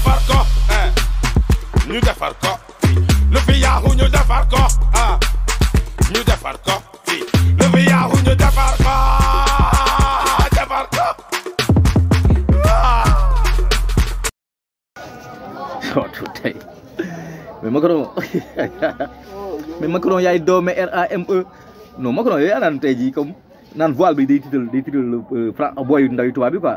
defar ko ñu defar ko lu fi yaaxu ñu defar ko ñu defar ko lu fi yaaxu ñu defar ko defar ko Waduh tey mais Macron mais Macron yaay doome RAME non Macron yooyu anaan tey jii comme naan voile bi day tiital day tiital Fra ndaw yi bi quoi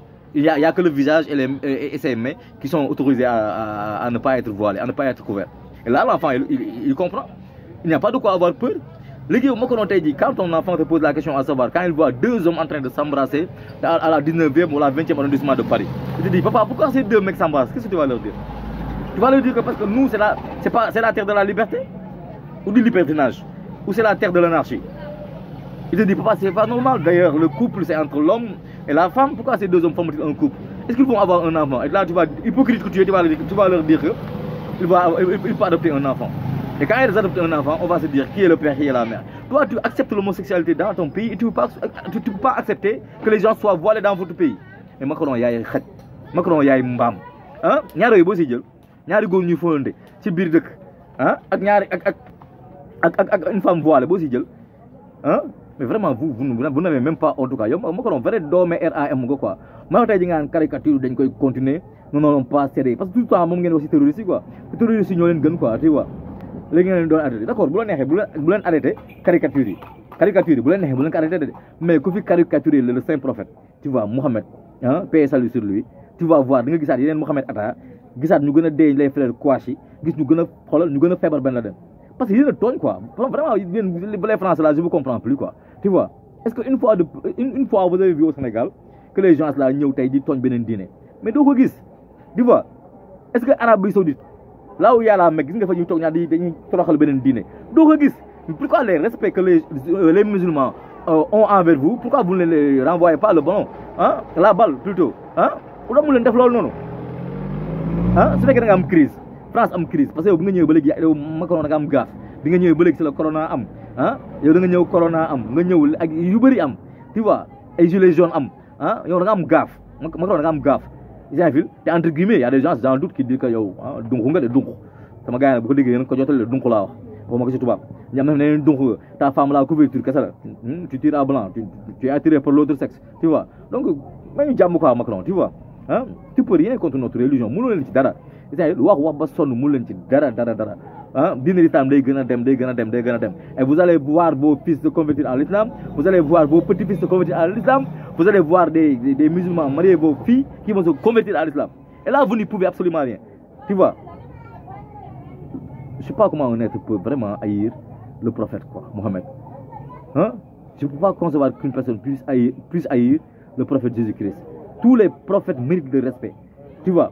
il n'y a, que le visage et, les, ses mains qui sont autorisés à, à, ne pas être voilés, à ne pas être couverts. Et là, l'enfant, il, comprend. Il n'y a pas de quoi avoir peur. dit, quand ton enfant te pose la question à savoir, quand il voit deux hommes en train de s'embrasser à, la 19e ou la 20e arrondissement de Paris, il te dit, papa, pourquoi ces deux mecs s'embrassent Qu'est-ce que tu vas leur dire Tu vas leur dire que parce que nous, c'est la, la terre de la liberté ou du libertinage ou c'est la terre de l'anarchie. Il te dit, papa, c'est pas normal. D'ailleurs, le couple, c'est entre l'homme et la femme, pourquoi ces deux hommes font ils un couple Est-ce qu'ils vont avoir un enfant Et là, tu vas, hypocrite que tu es, tu vas, tu vas leur dire qu'ils vont adopter un enfant. Et quand ils adoptent un enfant, on va se dire qui est le père, qui est la mère. Toi, tu acceptes l'homosexualité dans ton pays et tu ne peux, pas, peux pas accepter que les gens soient voilés dans votre pays. Et Macron, il y a un khat. Macron, y a une mbam. Hein? Il y a des beaux sigil. Il y a des goût de C'est bir de. Hein? Il y a une femme voilée, beaux sigil. Hein? mais vraiment vous vous, vous n'avez même pas en tout cas yow ma ko doon vrai doome RAM quoi mais tey ji nga caricature d'un koy continuer non non pas série parce que tout ça temps moom ngeen terroriste quoi terroriste yi ñoo leen gën quoi tu vois les gens leen doon arrêté d'accord accord bu la neexee bu leen arrêté caricature caricature yi bu leen neexee bu arrêté mais ku caricature caricaturer le saint prophète tu vois Mohamed hein paix salut sur lui tu vas voir da nga gisaat yeneen Mohamed Atta gisaat ñu gën a dee lay fleur Kouachi gis ñu gën a xoolal ñu gën a feebar benn parce que yéen a tooñ quoi vraiment les français là je vous comprends plus quoi tu vois est-ce que une fois de une, une fois vous avez vu au Sénégal que les gens là ñëw tey di tooñ beneen dîner mais doo ko gis tu vois est-ce que Arabie Saoudite là où y a la Mecque gis nga fa ñu toog ñaar di dañuy toroxal beneen diine doo gis pourquoi les respects que les euh, les musulmans euh, ont envers vous pourquoi vous ne les renvoyez pas le ballon hein la balle plutôt hein lu tax mu leen def loolu noonu ah su fekkee am crise France am crise parce que yow bi nga ñëwee ba léegi Macron da am gaaf bi nga ñëwee ba léegi si corona am ah yow da nga ñëw corona am nga ñëw ak yu bëri am tu vois ay gilets am ah yow nga am gaaf Macron da nga am gaaf yaa ngi te entre guillemets y a des gens dans le doute qui disent que ah, nga de dunq sama gars bu ko déggee yéen ko jottali de dunq laa wax waxuma ko ci tubaab ñam na ne dunq ta femme la couverture kese la hmm, tu tires à blanc tu es par l'autre sexe tu vois donc ma ñu jàmm quoi Macron tu vois ah tu peux contre notre religion mënoo leen ci dara yaa ngi wax wax ba sonn mënu leen ci dara dara dara hein, et vous allez voir vos fils se convertir à l'islam vous allez voir vos petits-fils se convertir à l'islam vous allez voir des, musulmans marier vos filles qui vont se convertir à l'islam et là vous n'y pouvez absolument rien tu vois je ne sais pas comment un être peut vraiment haïr le prophète quoi Mohammed hein je peux pas concevoir qu'une personne puisse haïr, puisse haïr le prophète Jésus-Christ tous les prophètes méritent de respect tu vois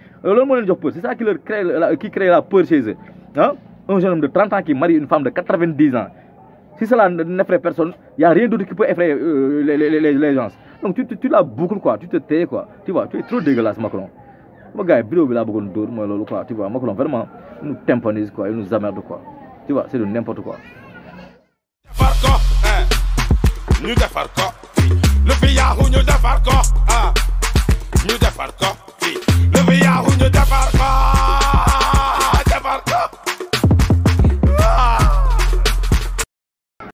Euh, c'est ça qui leur crée la qui crée la peur chez eux ah, un jeune homme de 30 ans qui marie une femme de 90 ans si cela n'effraie personne il n'y a rien d'autre qui peut effrayer euh, les, gens donc tu, tu, la boucles quoi tu te tais quoi tu vois tu es trop dégueulasse Macron Mon gars il bureau beaucoup de moi, tu vois Macron vraiment il nous tamponise quoi il nous emmerde quoi tu vois c'est de n'importe quoi Nous, hein. ah